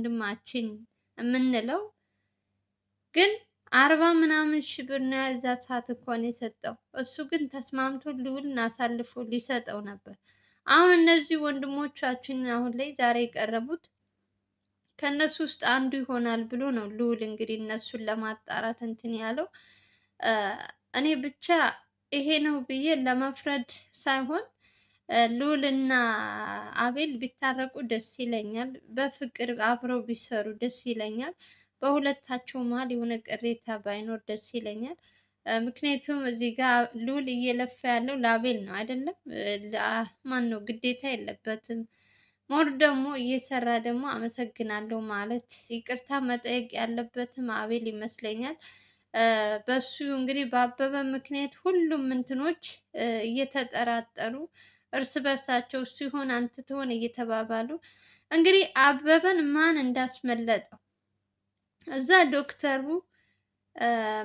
ወንድማችን የምንለው ግን አርባ ምናምን ሺህ ብር ነው የዛ ሰዓት ነው የሰጠው። እሱ ግን ተስማምቶ ልውልን አሳልፎ ሊሰጠው ነበር። አሁን እነዚህ ወንድሞቻችን አሁን ላይ ዛሬ የቀረቡት ከእነሱ ውስጥ አንዱ ይሆናል ብሎ ነው ልዑል እንግዲህ እነሱን ለማጣራት እንትን ያለው። እኔ ብቻ ይሄ ነው ብዬ ለመፍረድ ሳይሆን ሉል እና አቤል ቢታረቁ ደስ ይለኛል። በፍቅር አብረው ቢሰሩ ደስ ይለኛል። በሁለታቸው መሀል የሆነ ቅሬታ ባይኖር ደስ ይለኛል። ምክንያቱም እዚህ ጋር ሉል እየለፋ ያለው ለአቤል ነው አይደለም? ማን ነው ግዴታ የለበትም። ሞር ደግሞ እየሰራ ደግሞ አመሰግናለሁ ማለት ይቅርታ መጠየቅ ያለበትም አቤል ይመስለኛል። በሱ እንግዲህ በአበበ ምክንያት ሁሉም እንትኖች እየተጠራጠሩ እርስ በርሳቸው ሲሆን አንተ ትሆን እየተባባሉ እንግዲህ አበበን ማን እንዳስመለጠው እዛ ዶክተሩ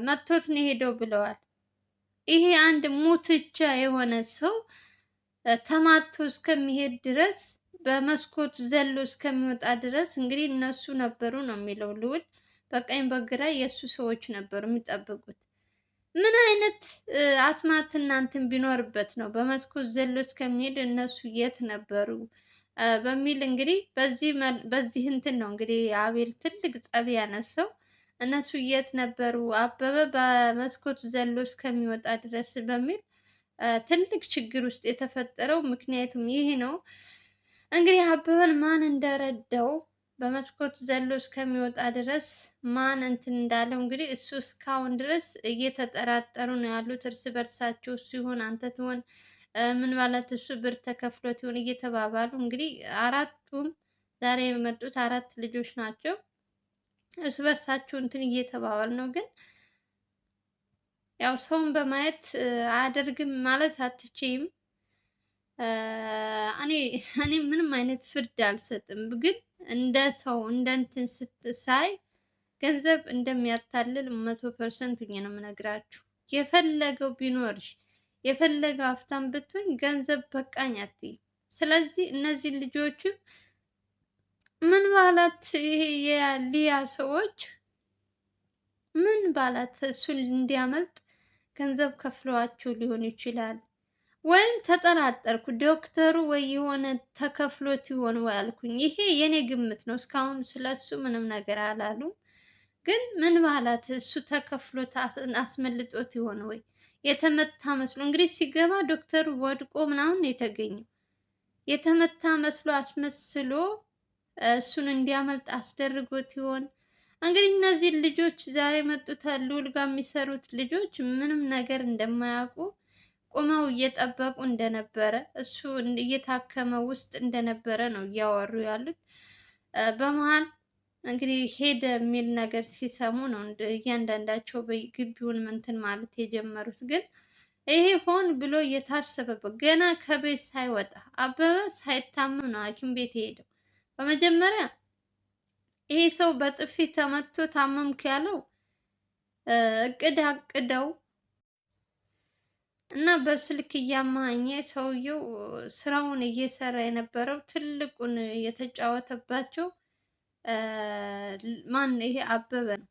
መቶት ነው ሄደው ብለዋል። ይሄ አንድ ሙትቻ የሆነ ሰው ተማቶ እስከሚሄድ ድረስ በመስኮት ዘሎ እስከሚወጣ ድረስ እንግዲህ እነሱ ነበሩ ነው የሚለው ልውል በቀኝ በግራ የእሱ ሰዎች ነበሩ የሚጠብቁት። ምን አይነት አስማት እናንትን ቢኖርበት ነው በመስኮት ዘሎ እስከሚሄድ እነሱ የት ነበሩ በሚል እንግዲህ በዚህ እንትን ነው እንግዲህ አቤል ትልቅ ጸብ ያነሳው። እነሱ የት ነበሩ አበበ በመስኮት ዘሎ እስከሚወጣ ድረስ በሚል ትልቅ ችግር ውስጥ የተፈጠረው ምክንያቱም ይህ ነው። እንግዲህ አበበን ማን እንደረዳው በመስኮት ዘሎ እስከሚወጣ ድረስ ማን እንትን እንዳለው እንግዲህ እሱ እስካሁን ድረስ እየተጠራጠሩ ነው ያሉት እርስ በርሳቸው። እሱ ይሆን አንተ ትሆን ምን ማለት እሱ ብር ተከፍሎት ይሆን እየተባባሉ እንግዲህ አራቱም ዛሬ የመጡት አራት ልጆች ናቸው። እርስ በርሳቸው እንትን እየተባባሉ ነው። ግን ያው ሰውን በማየት አያደርግም ማለት አትችይም። እኔ እኔ ምንም አይነት ፍርድ አልሰጥም ግን እንደ ሰው እንደ እንትን ስትሳይ ገንዘብ እንደሚያታልል መቶ ፐርሰንት ነው የምነግራችሁ። የፈለገው ቢኖርሽ የፈለገው ሀብታም ብትሆኝ ገንዘብ በቃኝ አትይም። ስለዚህ እነዚህ ልጆቹ ምን ባላት ይሄ የሊያ ሰዎች ምን ባላት እሱን እንዲያመልጥ ገንዘብ ከፍለዋቸው ሊሆን ይችላል። ወይም ተጠራጠርኩ ዶክተሩ ወይ የሆነ ተከፍሎት ይሆን ወይ አልኩኝ። ይሄ የኔ ግምት ነው። እስካሁን ስለሱ ምንም ነገር አላሉም። ግን ምን ማለት እሱ ተከፍሎት አስመልጦት ይሆን ወይ የተመታ መስሎ እንግዲህ ሲገባ ዶክተሩ ወድቆ ምናምን የተገኘው የተመታ መስሎ አስመስሎ እሱን እንዲያመልጥ አስደርጎት ይሆን? እንግዲህ እነዚህ ልጆች ዛሬ መጡት ልዑል ጋር የሚሰሩት ልጆች ምንም ነገር እንደማያውቁ ቆመው እየጠበቁ እንደነበረ እሱ እየታከመ ውስጥ እንደነበረ ነው እያወሩ ያሉት። በመሀል እንግዲህ ሄደ የሚል ነገር ሲሰሙ ነው እያንዳንዳቸው ግቢውን ምንትን ማለት የጀመሩት። ግን ይሄ ሆን ብሎ እየታሰበበት ገና ከቤት ሳይወጣ አበበ ሳይታመም ነው ሐኪም ቤት የሄደው። በመጀመሪያ ይሄ ሰው በጥፊ ተመቶ ታመምክ ያለው እቅድ አቅደው እና በስልክ እያማኘ ሰውየው ስራውን እየሰራ የነበረው ትልቁን የተጫወተባቸው ማን ይሄ አበበ ነው።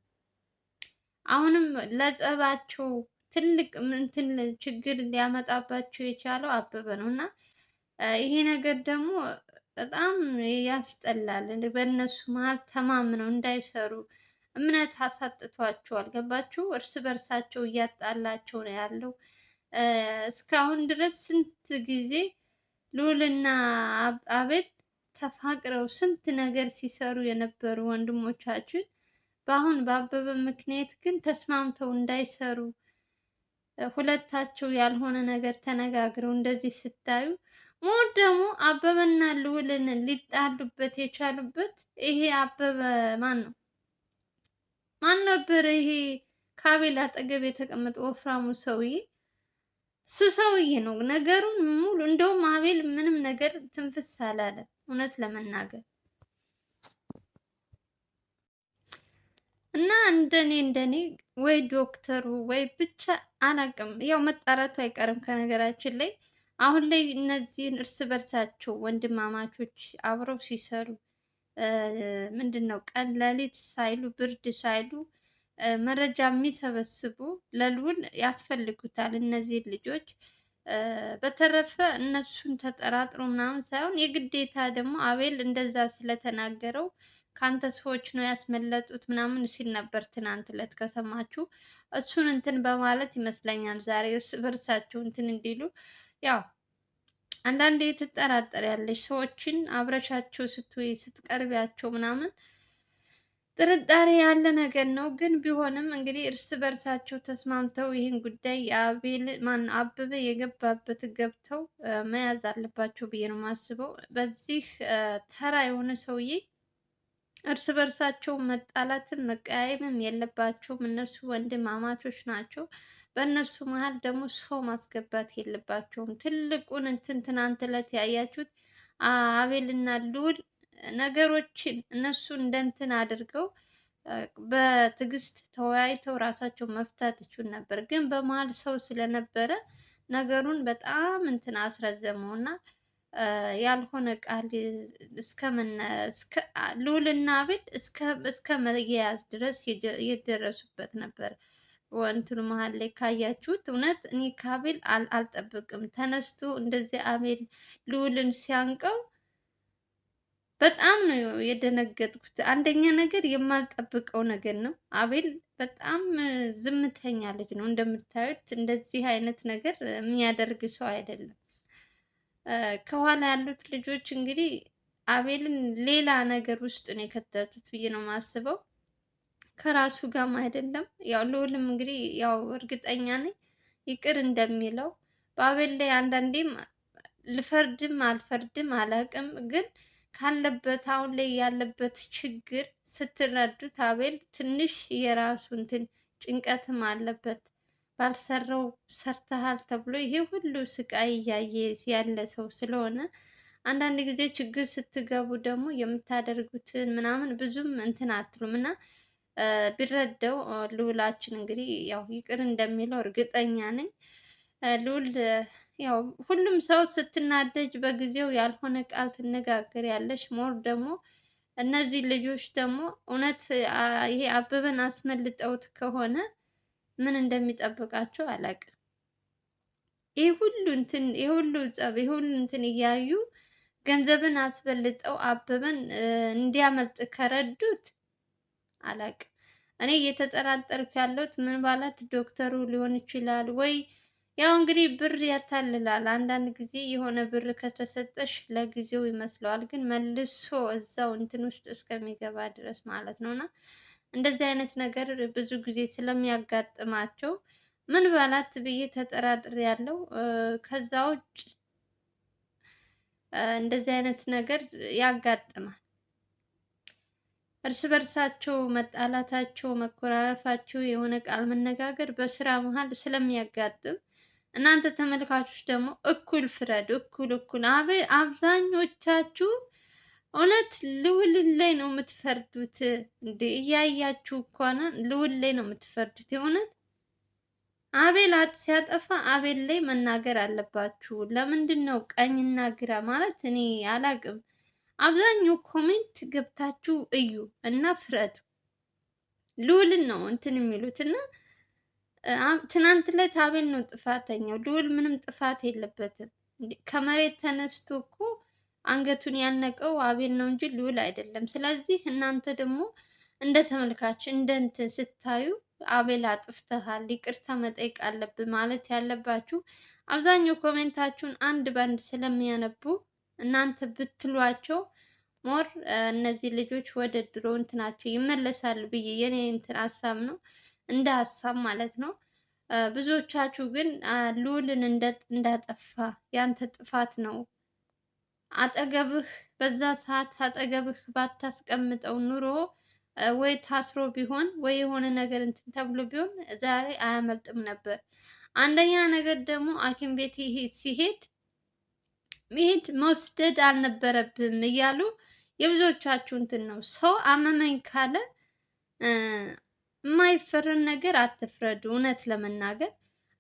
አሁንም ለጸባቸው ትልቅ ምንትን ችግር ሊያመጣባቸው የቻለው አበበ ነው እና ይሄ ነገር ደግሞ በጣም ያስጠላል። በእነሱ መሀል ተማምነው እንዳይሰሩ እምነት አሳጥቷቸዋል። ገባችሁ? እርስ በርሳቸው እያጣላቸው ነው ያለው። እስካሁን ድረስ ስንት ጊዜ ልዑልና አቤል ተፋቅረው ስንት ነገር ሲሰሩ የነበሩ ወንድሞቻችን በአሁን በአበበ ምክንያት ግን ተስማምተው እንዳይሰሩ ሁለታቸው ያልሆነ ነገር ተነጋግረው እንደዚህ ስታዩ ሞት ደግሞ አበበና ልዑልን ሊጣሉበት የቻሉበት ይሄ አበበ ማን ነው? ማን ነበር ይሄ ከአቤል አጠገብ የተቀመጠ ወፍራሙ ሰውዬ? እሱ ሰውዬ ነው ነገሩን ሙሉ። እንደውም አቤል ምንም ነገር ትንፍስ አላለም፣ እውነት ለመናገር እና እንደኔ እንደኔ ወይ ዶክተሩ ወይ ብቻ አላቅም። ያው መጣራቱ አይቀርም። ከነገራችን ላይ አሁን ላይ እነዚህን እርስ በርሳቸው ወንድማማቾች አብረው ሲሰሩ ምንድን ነው ቀን ለሊት ሳይሉ ብርድ ሳይሉ መረጃ የሚሰበስቡ ለልዑል ያስፈልጉታል እነዚህ ልጆች። በተረፈ እነሱን ተጠራጥሮ ምናምን ሳይሆን የግዴታ ደግሞ አቤል እንደዛ ስለተናገረው ከአንተ ሰዎች ነው ያስመለጡት ምናምን ሲል ነበር ትናንት ዕለት ከሰማችሁ። እሱን እንትን በማለት ይመስለኛል ዛሬ እርስ በርሳቸው እንትን እንዲሉ ያው አንዳንዴ ትጠራጠሪያለሽ ሰዎችን አብረሻቸው ስትይ ስትቀርቢያቸው ምናምን ጥርጣሬ ያለ ነገር ነው። ግን ቢሆንም እንግዲህ እርስ በርሳቸው ተስማምተው ይህን ጉዳይ አቤል ማን አበበ የገባበት ገብተው መያዝ አለባቸው ብዬ ነው የማስበው። በዚህ ተራ የሆነ ሰውዬ እርስ በርሳቸው መጣላትን መቀያየምም የለባቸውም። እነሱ ወንድም አማቾች ናቸው። በእነሱ መሀል ደግሞ ሰው ማስገባት የለባቸውም። ትልቁን እንትን ትናንት ዕለት ያያችሁት አቤልና ልዑል ነገሮችን እነሱ እንደንትን አድርገው በትዕግስት ተወያይተው ራሳቸው መፍታት ይችሉ ነበር። ግን በመሀል ሰው ስለነበረ ነገሩን በጣም እንትን አስረዘመው እና ያልሆነ ቃል ልዑልና አቤል እስከ መያያዝ ድረስ የደረሱበት ነበር። ወንትኑ መሀል ላይ ካያችሁት እውነት እኔ ከአቤል አልጠብቅም። ተነስቶ እንደዚህ አቤል ልዑልን ሲያንቀው በጣም ነው የደነገጥኩት። አንደኛ ነገር የማልጠብቀው ነገር ነው። አቤል በጣም ዝምተኛ ልጅ ነው። እንደምታዩት እንደዚህ አይነት ነገር የሚያደርግ ሰው አይደለም። ከኋላ ያሉት ልጆች እንግዲህ አቤልን ሌላ ነገር ውስጥ ነው የከተቱት ብዬ ነው የማስበው። ከራሱ ጋም አይደለም። ያው ልዑልም እንግዲህ ያው እርግጠኛ ነኝ ይቅር እንደሚለው በአቤል ላይ አንዳንዴም ልፈርድም አልፈርድም አላውቅም ግን ካለበት አሁን ላይ ያለበት ችግር ስትረዱት አቤል ትንሽ የራሱ እንትን ጭንቀትም አለበት። ባልሰራው ሰርተሃል ተብሎ ይሄ ሁሉ ስቃይ እያየ ያለ ሰው ስለሆነ አንዳንድ ጊዜ ችግር ስትገቡ ደግሞ የምታደርጉትን ምናምን ብዙም እንትን አትሉም እና ቢረዳው ልዑላችን እንግዲህ ያው ይቅር እንደሚለው እርግጠኛ ነኝ። ልዑል ያው ሁሉም ሰው ስትናደጅ በጊዜው ያልሆነ ቃል ትነጋገር ያለሽ ሞር ደግሞ እነዚህ ልጆች ደግሞ እውነት ይሄ አበበን አስመልጠውት ከሆነ ምን እንደሚጠብቃቸው አላውቅም። ይህ ሁሉ እንትን ይህ ሁሉ ጸብ ይህ ሁሉ እንትን እያዩ ገንዘብን አስበልጠው አበበን እንዲያመልጥ ከረዱት አላውቅም። እኔ እየተጠራጠርኩ ያለሁት ምን ባላት ዶክተሩ ሊሆን ይችላል ወይ ያው እንግዲህ ብር ያታልላል። አንዳንድ ጊዜ የሆነ ብር ከተሰጠሽ ለጊዜው ይመስለዋል፣ ግን መልሶ እዛው እንትን ውስጥ እስከሚገባ ድረስ ማለት ነው። እና እንደዚህ አይነት ነገር ብዙ ጊዜ ስለሚያጋጥማቸው ምን ባላት ብዬ ተጠራጥር ያለው ከዛ ውጭ እንደዚህ አይነት ነገር ያጋጥማል። እርስ በርሳቸው መጣላታቸው፣ መኮራረፋቸው፣ የሆነ ቃል መነጋገር በስራ መሀል ስለሚያጋጥም እናንተ ተመልካቾች ደግሞ እኩል ፍረድ እኩል እኩል አበ አብዛኞቻችሁ እውነት ልውል ላይ ነው የምትፈርዱት። እንደ እያያችሁ እኳነ ልውል ላይ ነው የምትፈርዱት። የእውነት አቤል ሲያጠፋ አቤል ላይ መናገር አለባችሁ። ለምንድን ነው ቀኝና ግራ ማለት? እኔ አላቅም። አብዛኛው ኮሜንት ገብታችሁ እዩ እና ፍረዱ። ልውልን ነው እንትን የሚሉት እና ትናንት ላይ አቤል ነው ጥፋተኛው። ልዑል ምንም ጥፋት የለበትም። ከመሬት ተነስቶ እኮ አንገቱን ያነቀው አቤል ነው እንጂ ልዑል አይደለም። ስለዚህ እናንተ ደግሞ እንደ ተመልካች እንደ እንትን ስታዩ አቤል አጥፍተሃል፣ ይቅርታ መጠየቅ አለብህ ማለት ያለባችሁ አብዛኛው ኮሜንታችሁን አንድ በአንድ ስለሚያነቡ እናንተ ብትሏቸው ሞር እነዚህ ልጆች ወደ ድሮ እንትናቸው ይመለሳሉ ብዬ የኔ እንትን ሀሳብ ነው። እንደ ሀሳብ ማለት ነው። ብዙዎቻችሁ ግን ልዑልን እንዳጠፋ ያንተ ጥፋት ነው አጠገብህ በዛ ሰዓት አጠገብህ ባታስቀምጠው ኑሮ ወይ ታስሮ ቢሆን ወይ የሆነ ነገር እንትን ተብሎ ቢሆን ዛሬ አያመልጥም ነበር። አንደኛ ነገር ደግሞ ሐኪም ቤት ሲሄድ መሄድ መውሰድ አልነበረብም እያሉ የብዙዎቻችሁ እንትን ነው። ሰው አመመኝ ካለ የማይፈረድ ነገር አትፍረዱ። እውነት ለመናገር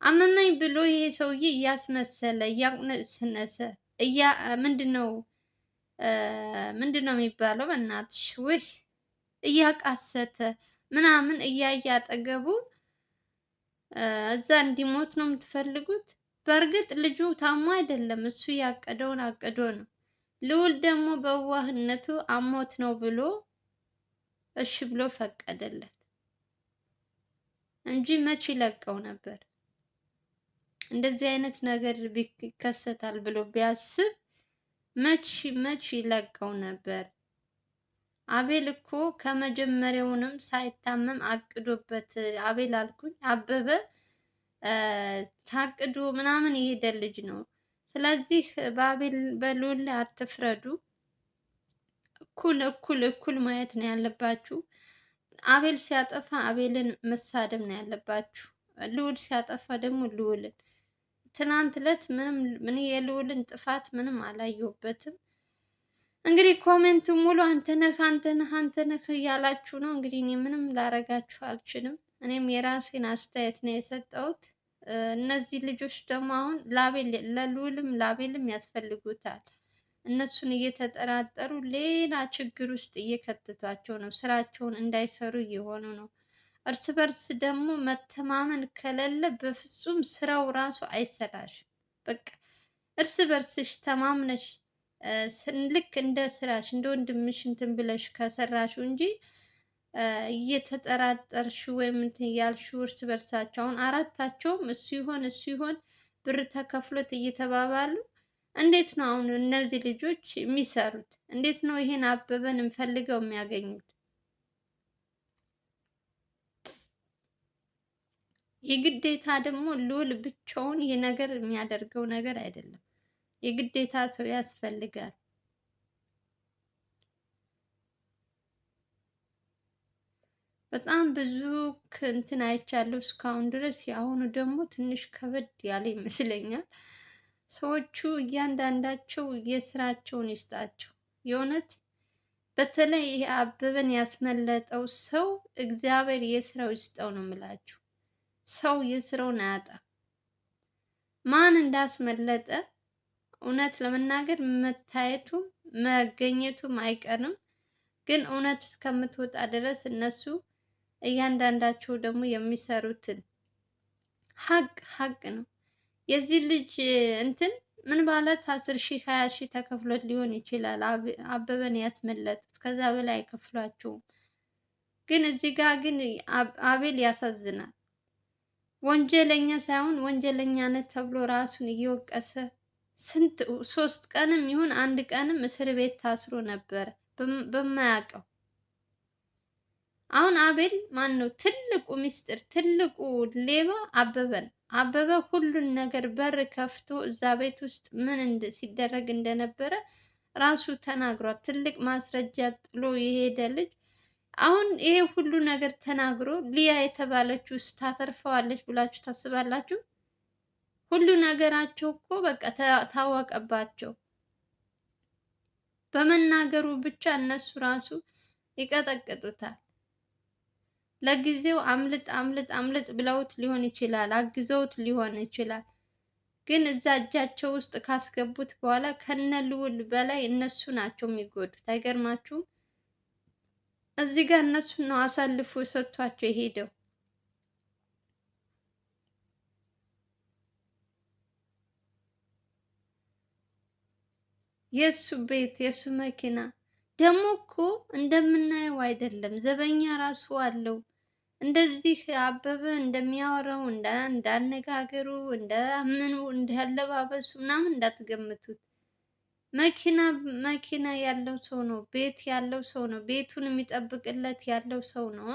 አመመኝ ብሎ ይሄ ሰውዬ እያስመሰለ እያቁነስነሰ እያ ምንድነው ምንድነው የሚባለው? በእናትሽ ውህ እያቃሰተ ምናምን እያየ አጠገቡ እዛ እንዲሞት ነው የምትፈልጉት? በእርግጥ ልጁ ታሞ አይደለም። እሱ ያቀደውን አቅዶ ነው። ልውል ደግሞ በዋህነቱ አሞት ነው ብሎ እሺ ብሎ ፈቀደለት። እንጂ መቼ ይለቀው ነበር። እንደዚህ አይነት ነገር ይከሰታል ብሎ ቢያስብ መቼ መቼ ይለቀው ነበር። አቤል እኮ ከመጀመሪያውንም ሳይታመም አቅዶበት አቤል አልኩኝ አበበ ታቅዶ ምናምን የሄደ ልጅ ነው። ስለዚህ በአቤል በልዑል ላይ አትፍረዱ። እኩል እኩል እኩል ማየት ነው ያለባችሁ። አቤል ሲያጠፋ አቤልን መሳደብ ነው ያለባችሁ። ልዑል ሲያጠፋ ደግሞ ልዑልን ትናንት ዕለት ምንም ምን የልዑልን ጥፋት ምንም አላየሁበትም። እንግዲህ ኮሜንቱ ሙሉ አንተ ነህ አንተ ነህ አንተ ነህ እያላችሁ ነው። እንግዲህ እኔ ምንም ላረጋችሁ አልችልም። እኔም የራሴን አስተያየት ነው የሰጠሁት። እነዚህ ልጆች ደግሞ አሁን ለልዑልም ለአቤልም ያስፈልጉታል። እነሱን እየተጠራጠሩ ሌላ ችግር ውስጥ እየከተቷቸው ነው። ስራቸውን እንዳይሰሩ እየሆኑ ነው። እርስ በርስ ደግሞ መተማመን ከሌለ በፍጹም ስራው ራሱ አይሰራሽም። በቃ እርስ በርስሽ ተማምነሽ ልክ እንደ ስራሽ እንደ ወንድምሽ እንትን ብለሽ ከሰራሽው እንጂ እየተጠራጠርሽ ወይም እንትን እያልሽ እርስ በርሳቸው አሁን አራታቸውም እሱ ይሆን እሱ ይሆን ብር ተከፍሎት እየተባባሉ እንዴት ነው አሁን እነዚህ ልጆች የሚሰሩት? እንዴት ነው ይሄን አበበን እንፈልገው የሚያገኙት? የግዴታ ደግሞ ልዑል ብቻውን ይሄ ነገር የሚያደርገው ነገር አይደለም። የግዴታ ሰው ያስፈልጋል። በጣም ብዙ እንትን አይቻለሁ እስካሁን ድረስ። የአሁኑ ደግሞ ትንሽ ከበድ ያለ ይመስለኛል። ሰዎቹ እያንዳንዳቸው የስራቸውን ይስጣቸው። የእውነት በተለይ ይሄ አበበን ያስመለጠው ሰው እግዚአብሔር የስራው ይስጠው ነው የምላችሁ። ሰው የስራውን አያጣም። ማን እንዳስመለጠ እውነት ለመናገር መታየቱም መገኘቱም አይቀርም። ግን እውነት እስከምትወጣ ድረስ እነሱ እያንዳንዳቸው ደግሞ የሚሰሩትን ሀቅ ሀቅ ነው የዚህ ልጅ እንትን ምን ማለት አስር ሺህ ሀያ ሺህ ተከፍሎት ሊሆን ይችላል። አበበን ያስመለጡት ከዛ በላይ አይከፍሏቸውም። ግን እዚህ ጋር ግን አቤል ያሳዝናል። ወንጀለኛ ሳይሆን ወንጀለኛነት ተብሎ ራሱን እየወቀሰ ስንት ሶስት ቀንም ይሁን አንድ ቀንም እስር ቤት ታስሮ ነበረ በማያውቀው አሁን አቤል ማን ነው ትልቁ ሚስጥር ትልቁ ሌባ አበበ ነው። አበበ ሁሉን ነገር በር ከፍቶ እዛ ቤት ውስጥ ምን ሲደረግ እንደነበረ ራሱ ተናግሯል። ትልቅ ማስረጃ ጥሎ የሄደ ልጅ አሁን ይሄ ሁሉ ነገር ተናግሮ ሊያ የተባለችው ስታተርፈዋለች ታተርፈዋለች ብላችሁ ታስባላችሁ? ሁሉ ነገራቸው እኮ በቃ ታወቀባቸው። በመናገሩ ብቻ እነሱ ራሱ ይቀጠቅጡታል። ለጊዜው አምልጥ አምልጥ አምልጥ ብለውት ሊሆን ይችላል፣ አግዘውት ሊሆን ይችላል። ግን እዛ እጃቸው ውስጥ ካስገቡት በኋላ ከነ ልውል በላይ እነሱ ናቸው የሚጎዱት። አይገርማችሁም? እዚህ ጋር እነሱ ነው አሳልፎ ሰጥቷቸው የሄደው። የእሱ ቤት የእሱ መኪና ደግሞ እኮ እንደምናየው አይደለም፣ ዘበኛ ራሱ አለው። እንደዚህ አበበ እንደሚያወራው እንዳነጋገሩ እንደምኑ እንዳለባበሱ ምናምን እንዳትገምቱት። መኪና መኪና ያለው ሰው ነው። ቤት ያለው ሰው ነው። ቤቱን የሚጠብቅለት ያለው ሰው ነው።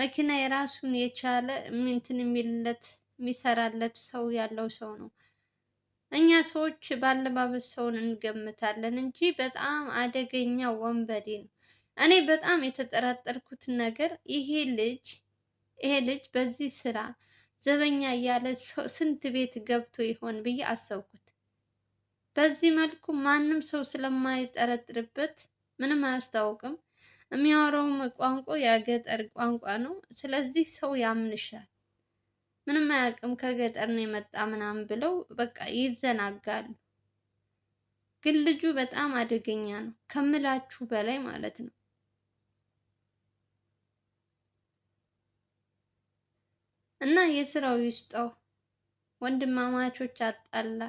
መኪና የራሱን የቻለ እንትን የሚልለት የሚሰራለት ሰው ያለው ሰው ነው። እኛ ሰዎች ባለባበስ ሰውን እንገምታለን እንጂ በጣም አደገኛ ወንበዴ ነው። እኔ በጣም የተጠራጠርኩት ነገር ይሄ ልጅ ይሄ ልጅ በዚህ ስራ ዘበኛ እያለ ስንት ቤት ገብቶ ይሆን ብዬ አሰብኩት። በዚህ መልኩ ማንም ሰው ስለማይጠረጥርበት ምንም አያስታውቅም። የሚያወራውም ቋንቋ የገጠር ቋንቋ ነው። ስለዚህ ሰው ያምንሻል። ምንም አያውቅም ከገጠር ነው የመጣ ምናምን ብለው በቃ ይዘናጋሉ። ግን ልጁ በጣም አደገኛ ነው ከምላችሁ በላይ ማለት ነው። እና የስራው ይስጠው። ወንድማማቾች አጣላ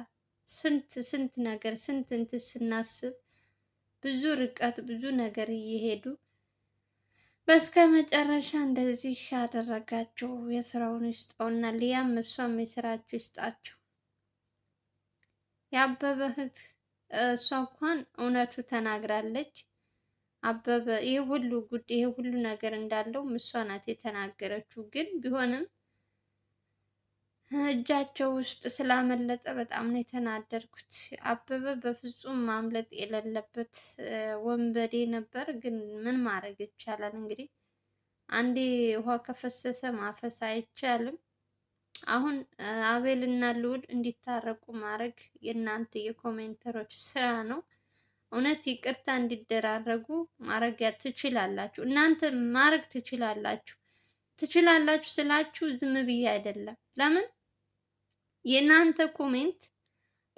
ስንት ስንት ነገር ስንት እንትን ስናስብ ብዙ ርቀት ብዙ ነገር እየሄዱ በስከ መጨረሻ እንደዚህ ያደረጋቸው የስራውን ይስጠው እና ሊያም እሷም የስራቸው ይስጣቸው። የአበበ እህት እሷ እንኳን እውነቱ ተናግራለች። አበበ ይህ ሁሉ ጉድ ይህ ሁሉ ነገር እንዳለው እሷ ናት የተናገረችው። ግን ቢሆንም እጃቸው ውስጥ ስላመለጠ በጣም ነው የተናደድኩት። አበበ በፍጹም ማምለጥ የሌለበት ወንበዴ ነበር፣ ግን ምን ማድረግ ይቻላል እንግዲህ አንዴ ውሃ ከፈሰሰ ማፈስ አይቻልም። አሁን አቤል እና ልዑል እንዲታረቁ ማድረግ የእናንተ የኮሜንተሮች ስራ ነው። እውነት ይቅርታ እንዲደራረጉ ማድረግ ትችላላችሁ። እናንተ ማድረግ ትችላላችሁ። ትችላላችሁ ስላችሁ ዝም ብዬ አይደለም ለምን የእናንተ ኮሜንት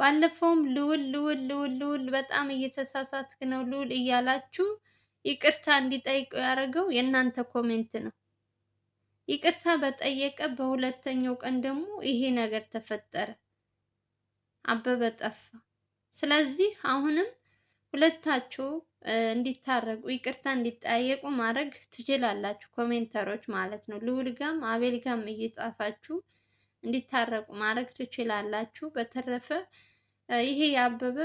ባለፈውም ልውል ልውል ልውል ልውል በጣም እየተሳሳትክ ነው ልውል እያላችሁ ይቅርታ እንዲጠይቅ ያደረገው የእናንተ ኮሜንት ነው። ይቅርታ በጠየቀ በሁለተኛው ቀን ደግሞ ይሄ ነገር ተፈጠረ፣ አበበ ጠፋ። ስለዚህ አሁንም ሁለታችሁ እንዲታረቁ ይቅርታ እንዲጠያየቁ ማድረግ ትችላላችሁ፣ ኮሜንተሮች ማለት ነው። ልውል ጋም አቤል ጋም እየጻፋችሁ እንዲታረቁ ማድረግ ትችላላችሁ። በተረፈ ይሄ ያበበ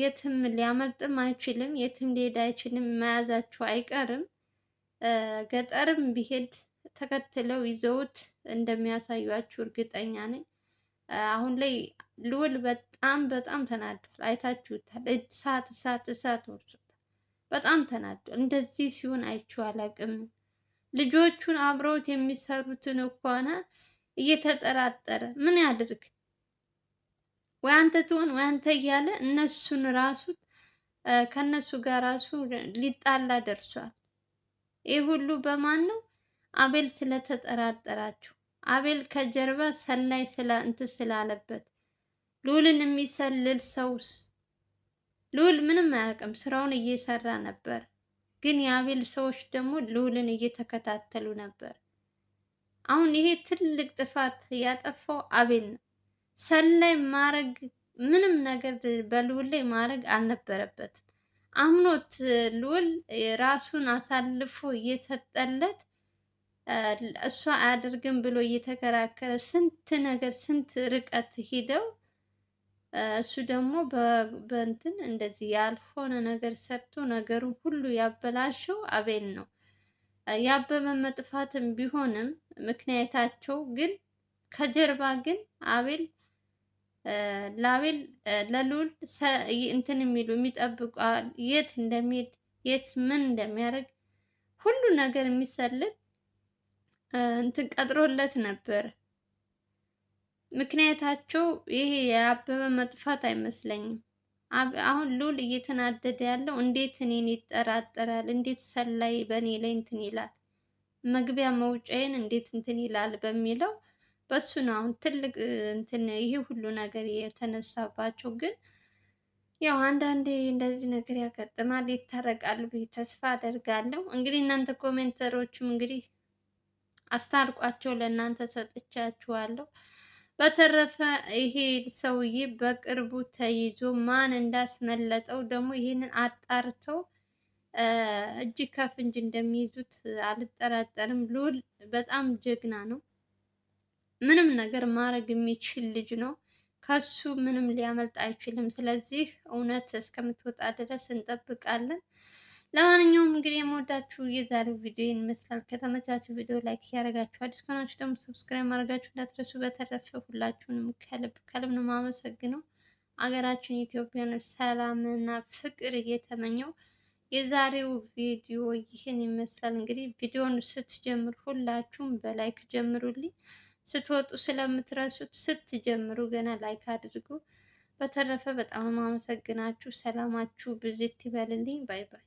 የትም ሊያመልጥም አይችልም፣ የትም ሊሄድ አይችልም። መያዛቸው አይቀርም። ገጠርም ቢሄድ ተከትለው ይዘውት እንደሚያሳዩአችሁ እርግጠኛ ነኝ። አሁን ላይ ልውል በጣም በጣም ተናዷል። አይታችሁታል። እሳት እሳት እሳት ወርሶታል። በጣም ተናዷል። እንደዚህ ሲሆን አይቼው አላውቅም። ልጆቹን አብረውት የሚሰሩትን እንኳን እየተጠራጠረ ምን ያድርግ? ወይ አንተ ትሆን ወይ አንተ እያለ እነሱን ራሱ ከነሱ ጋር ራሱ ሊጣላ ደርሷል። ይህ ሁሉ በማን ነው? አቤል ስለተጠራጠራችሁ፣ አቤል ከጀርባ ሰላይ እንትን ስላለበት ልዑልን የሚሰልል ሰውስ ልዑል ምንም አያውቅም፣ ስራውን እየሰራ ነበር። ግን የአቤል ሰዎች ደግሞ ልዑልን እየተከታተሉ ነበር። አሁን ይሄ ትልቅ ጥፋት ያጠፋው አቤል ነው። ሰላይ ማድረግ ምንም ነገር በልዑል ላይ ማድረግ አልነበረበትም። አምኖት ልውል ራሱን አሳልፎ እየሰጠለት እሷ አያደርግም ብሎ እየተከራከረ ስንት ነገር ስንት ርቀት ሂደው እሱ ደግሞ በእንትን እንደዚህ ያልሆነ ነገር ሰርቶ ነገሩን ሁሉ ያበላሸው አቤል ነው። ያበበ መጥፋትም ቢሆንም ምክንያታቸው ግን ከጀርባ ግን አቤል ለአቤል ለልዑል እንትን የሚሉ የሚጠብቁ የት እንደሚሄድ የት ምን እንደሚያደርግ ሁሉ ነገር የሚሰልል እንትን ቀጥሮለት ነበር። ምክንያታቸው ይሄ የአበበ መጥፋት አይመስለኝም። አሁን ሉል እየተናደደ ያለው እንዴት እኔን ይጠራጠራል? እንዴት ሰላይ በእኔ ላይ እንትን ይላል? መግቢያ መውጫዬን እንዴት እንትን ይላል በሚለው በሱ ነው አሁን ትልቅ እንትን ይሄ ሁሉ ነገር የተነሳባቸው። ግን ያው አንዳንዴ እንደዚህ ነገር ያጋጥማል፣ ይታረቃሉ ብዬ ተስፋ አደርጋለሁ። እንግዲህ እናንተ ኮሜንተሮችም እንግዲህ አስታርቋቸው፣ ለእናንተ ሰጥቻችኋለሁ። በተረፈ ይሄ ሰውዬ በቅርቡ ተይዞ ማን እንዳስመለጠው ደግሞ ይህንን አጣርተው እጅ ከፍ እንጂ እንደሚይዙት አልጠራጠርም። ልዑል በጣም ጀግና ነው። ምንም ነገር ማድረግ የሚችል ልጅ ነው። ከሱ ምንም ሊያመልጥ አይችልም። ስለዚህ እውነት እስከምትወጣ ድረስ እንጠብቃለን። ለማንኛውም እንግዲህ የምወዳችሁ የዛሬው ቪዲዮ ይመስላል። ከተመቻችሁ ቪዲዮ ላይክ ያደረጋችሁ፣ አዲስ ከሆናችሁ ደግሞ ሰብስክራይብ ማድረጋችሁ እንዳትረሱ። በተረፈ ሁላችሁንም ከልብ ከልብ ነው የማመሰግነው። አገራችን ኢትዮጵያን ሰላምና ፍቅር እየተመኘው የዛሬው ቪዲዮ ይህን ይመስላል። እንግዲህ ቪዲዮውን ስትጀምሩ ሁላችሁም በላይክ ጀምሩልኝ። ስትወጡ ስለምትረሱት ስትጀምሩ ገና ላይክ አድርጉ። በተረፈ በጣም አመሰግናችሁ። ሰላማችሁ ብዝት ይበልልኝ። ባይ ባይ።